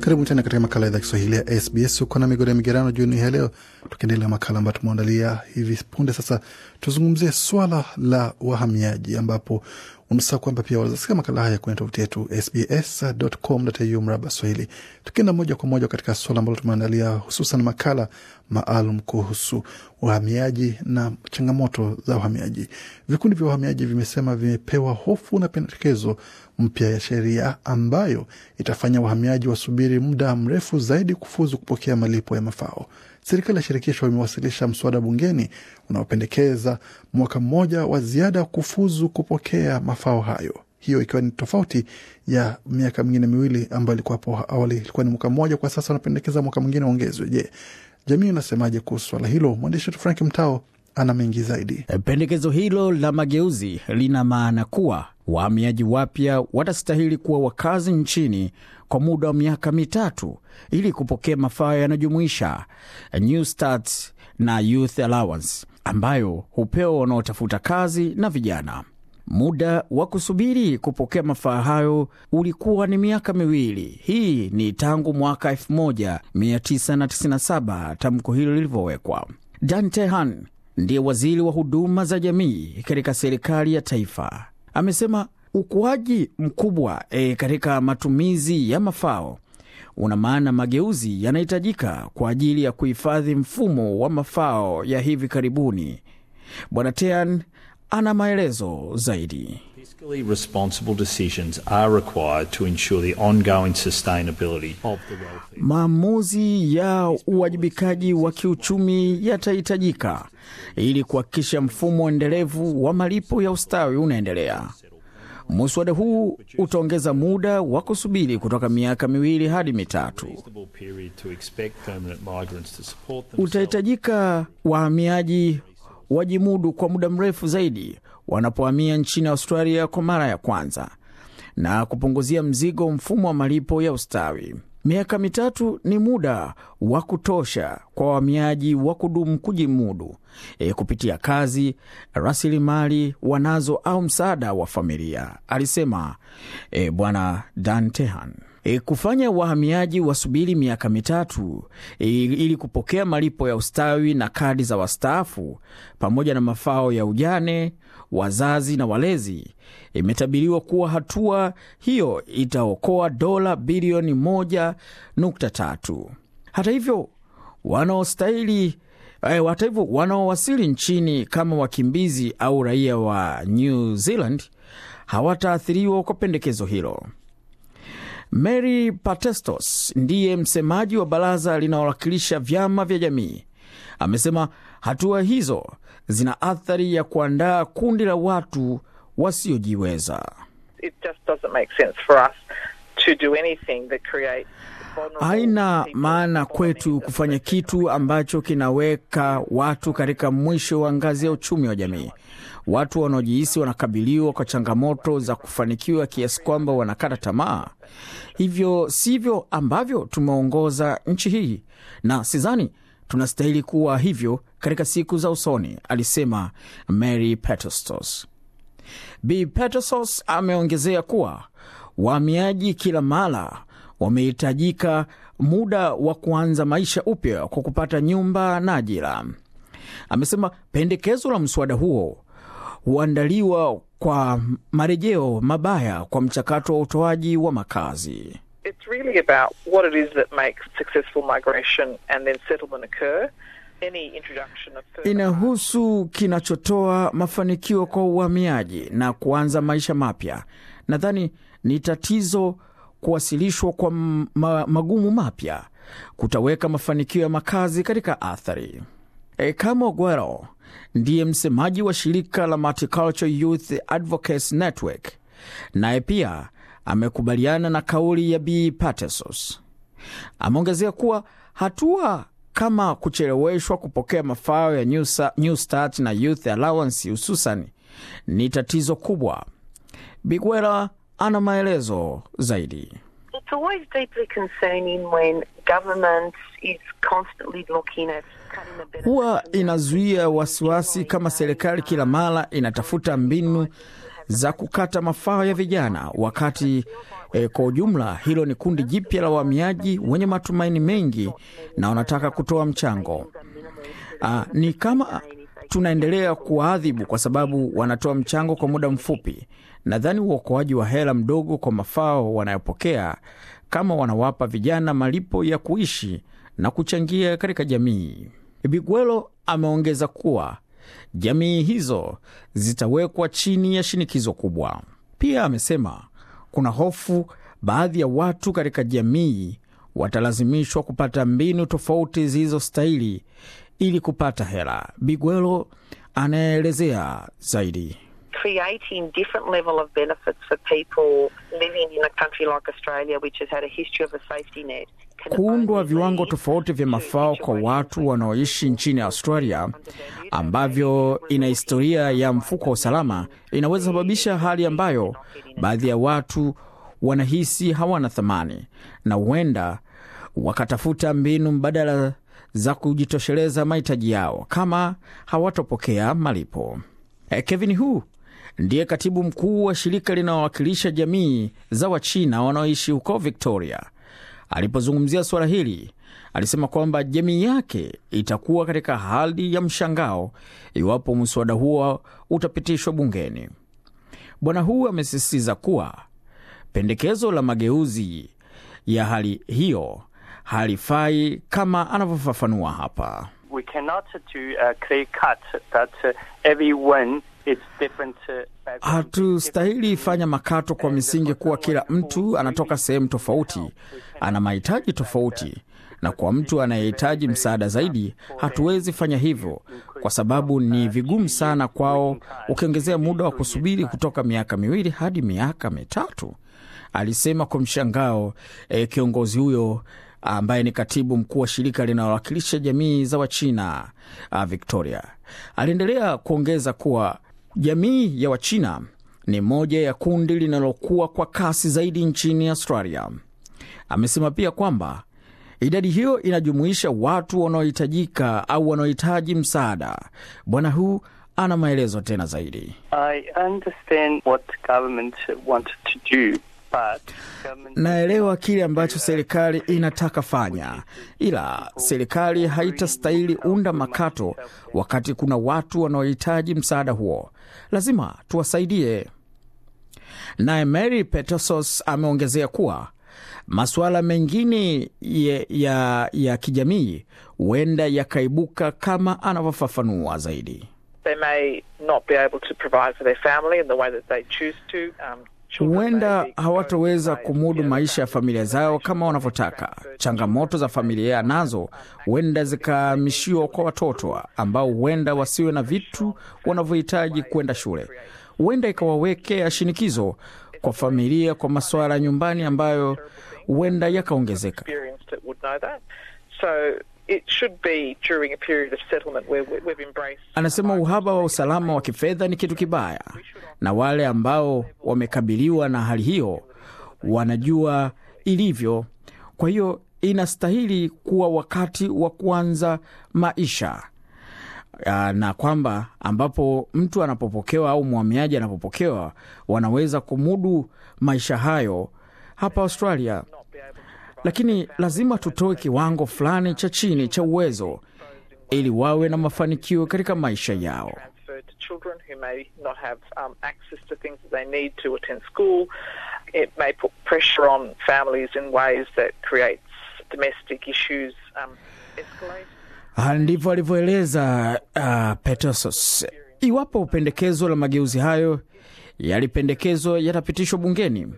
Karibu tena katika makala ya idhaa Kiswahili ya SBS. Uko na migodo ya migerano jioni hii leo, tukiendelea na makala ambayo tumeandalia hivi punde. Sasa tuzungumzie swala la wahamiaji, ambapo unasaa kwamba pia wazasikia makala haya kwenye tovuti yetu sbs.com.au mraba Swahili. Tukienda moja kwa moja katika swala ambalo tumeandalia hususan makala maalum kuhusu uhamiaji na changamoto za uhamiaji. Vikundi vya uhamiaji vimesema vimepewa hofu na pendekezo mpya ya sheria ambayo itafanya wahamiaji wasubiri muda mrefu zaidi kufuzu kupokea malipo ya mafao. Serikali ya shirikisho imewasilisha mswada bungeni unaopendekeza mwaka mmoja wa ziada kufuzu kupokea mafao hayo, hiyo ikiwa ni tofauti ya miaka mingine miwili ambayo ilikuwa hapo awali ilikuwa ni mwaka mmoja. Kwa sasa wanapendekeza mwaka mwingine waongezwe. Je, jamii inasemaje kuhusu swala hilo? Mwandishi wetu Frank Mtao ana mengi zaidi. Eh, pendekezo hilo la mageuzi lina maana kuwa wahamiaji wapya watastahili kuwa wakazi nchini kwa muda wa miaka mitatu ili kupokea mafao yanayojumuisha New Start na Youth Allowance ambayo hupewa wanaotafuta kazi na vijana. Muda wa kusubiri kupokea mafaa hayo ulikuwa ni miaka miwili. Hii ni tangu mwaka 1997 tamko hilo lilivyowekwa. Dan Tehan ndiye waziri wa huduma za jamii katika serikali ya taifa, amesema ukuaji mkubwa e, katika matumizi ya mafao una maana mageuzi yanahitajika kwa ajili ya kuhifadhi mfumo wa mafao ya hivi karibuni. Bwana Tean ana maelezo zaidi. Fiscally responsible decisions are required to ensure the ongoing sustainability of the wealthy. Maamuzi ya uwajibikaji wa kiuchumi yatahitajika ili kuhakikisha mfumo endelevu wa malipo ya ustawi unaendelea. Muswada huu utaongeza muda wa kusubiri kutoka miaka miwili hadi mitatu. Utahitajika wahamiaji wajimudu kwa muda mrefu zaidi wanapohamia nchini Australia kwa mara ya kwanza na kupunguzia mzigo mfumo wa malipo ya ustawi. Miaka mitatu ni muda wa kutosha kwa wahamiaji wa kudumu kujimudu e, kupitia kazi, rasilimali wanazo au msaada wa familia, alisema e, Bwana Dan Tehan e, kufanya wahamiaji wasubiri miaka mitatu e, ili kupokea malipo ya ustawi na kadi za wastaafu pamoja na mafao ya ujane, wazazi na walezi. Imetabiriwa kuwa hatua hiyo itaokoa dola bilioni 1.3. Hata hivyo wanaostahili e, hata hivyo wanaowasili nchini kama wakimbizi au raia wa New Zealand hawataathiriwa kwa pendekezo hilo. Mary Patestos ndiye msemaji wa baraza linalowakilisha vyama vya jamii, amesema hatua hizo zina athari ya kuandaa kundi la watu wasiojiweza. Haina maana kwetu kufanya kitu ambacho kinaweka watu katika mwisho wa ngazi ya uchumi wa jamii. Watu wanaojihisi wanakabiliwa kwa changamoto za kufanikiwa kiasi kwamba wanakata tamaa, hivyo sivyo ambavyo tumeongoza nchi hii, na sidhani tunastahili kuwa hivyo katika siku za usoni, alisema Mary Petestos. Bi Petestos ameongezea kuwa wahamiaji kila mara wamehitajika muda wa kuanza maisha upya kwa kupata nyumba na ajira. Amesema pendekezo la mswada huo huandaliwa kwa marejeo mabaya kwa mchakato wa utoaji wa makazi. inahusu kinachotoa mafanikio kwa uhamiaji na kuanza maisha mapya. Nadhani ni tatizo kuwasilishwa kwa magumu mapya kutaweka mafanikio ya makazi katika athari. Ekamo Gwero ndiye msemaji wa shirika la Multicultural Youth Advocates Network, naye pia amekubaliana na kauli ya Bi Patesos. Ameongezea kuwa hatua kama kucheleweshwa kupokea mafao ya New, New Start na Youth Allowance hususan ni tatizo kubwa. Bigwera ana maelezo zaidi it's always deeply concerning when government is constantly looking at huwa inazuia wasiwasi kama serikali kila mara inatafuta mbinu za kukata mafao ya vijana wakati E, kwa ujumla hilo ni kundi jipya la wahamiaji wenye matumaini mengi na wanataka kutoa mchango. A, ah, ni kama tunaendelea kuwaadhibu kwa sababu wanatoa mchango kwa muda mfupi, Nadhani uokoaji wa hela mdogo kwa mafao wanayopokea kama wanawapa vijana malipo ya kuishi na kuchangia katika jamii. Biguelo ameongeza kuwa jamii hizo zitawekwa chini ya shinikizo kubwa. Pia amesema kuna hofu baadhi ya watu katika jamii watalazimishwa kupata mbinu tofauti zilizostahili ili kupata hela. Biguelo anaelezea zaidi creating different level of benefits for people living in a country like Australia which has had a history of a safety net. Kuundwa viwango tofauti vya mafao kwa watu wanaoishi nchini Australia ambavyo ina historia ya mfuko wa usalama inaweza sababisha hali ambayo baadhi ya watu wanahisi hawana thamani na huenda wakatafuta mbinu mbadala za kujitosheleza mahitaji yao kama hawatopokea malipo. Eh, Kevin Hu ndiye katibu mkuu wa shirika linalowakilisha jamii za Wachina wanaoishi huko Victoria. Alipozungumzia suala hili, alisema kwamba jamii yake itakuwa katika hali ya mshangao iwapo mswada huo utapitishwa bungeni. Bwana huu amesisitiza kuwa pendekezo la mageuzi ya hali hiyo halifai, kama anavyofafanua hapa cannot to uh, clear cut that uh, everyone uh, Hatustahili fanya makato kwa misingi kuwa kila mtu anatoka sehemu tofauti, ana mahitaji tofauti, na kwa mtu anayehitaji msaada zaidi, hatuwezi fanya hivyo kwa sababu ni vigumu sana kwao, ukiongezea muda wa kusubiri kutoka miaka miwili hadi miaka mitatu, alisema kwa mshangao eh, kiongozi huyo ambaye ni katibu mkuu wa shirika linalowakilisha jamii za Wachina uh, Victoria. Aliendelea kuongeza kuwa jamii ya Wachina ni moja ya kundi linalokuwa kwa kasi zaidi nchini Australia. Amesema pia kwamba idadi hiyo inajumuisha watu wanaohitajika au wanaohitaji msaada. Bwana huu ana maelezo tena zaidi. I understand what government wanted to do Naelewa kile ambacho serikali inataka fanya, ila serikali haitastahili unda makato wakati kuna watu wanaohitaji msaada huo. Lazima tuwasaidie. Naye Mary Petosos ameongezea kuwa masuala mengine ya, ya, ya kijamii huenda yakaibuka kama anavyofafanua zaidi huenda hawatoweza kumudu maisha ya familia zao kama wanavyotaka. Changamoto za familia nazo huenda zikahamishiwa kwa watoto ambao huenda wasiwe na vitu wanavyohitaji kwenda shule. Huenda ikawawekea shinikizo kwa familia kwa masuala ya nyumbani ambayo huenda yakaongezeka it should be during a period of settlement where we've embraced. Anasema uhaba wa usalama wa kifedha ni kitu kibaya, na wale ambao wamekabiliwa na hali hiyo wanajua ilivyo. Kwa hiyo inastahili kuwa wakati wa kuanza maisha ah, na kwamba ambapo mtu anapopokewa au mhamiaji anapopokewa wanaweza kumudu maisha hayo hapa Australia lakini lazima tutoe kiwango fulani cha chini cha uwezo ili wawe na mafanikio katika maisha yao. Ah, ndivyo alivyoeleza uh, ah, Petersos. Iwapo pendekezo la mageuzi hayo yalipendekezwa yatapitishwa bungeni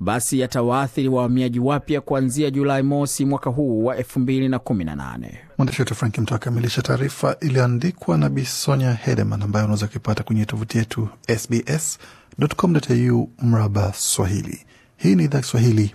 basi yatawaathiri wahamiaji wapya kuanzia Julai mosi mwaka huu wa 2018. Mwandishi wetu Frank Mto akamilisha taarifa iliyoandikwa na Bisonya Hedeman ambayo unaweza kuipata kwenye tovuti yetu sbs.com.au mraba Swahili. Hii ni idhaa Kiswahili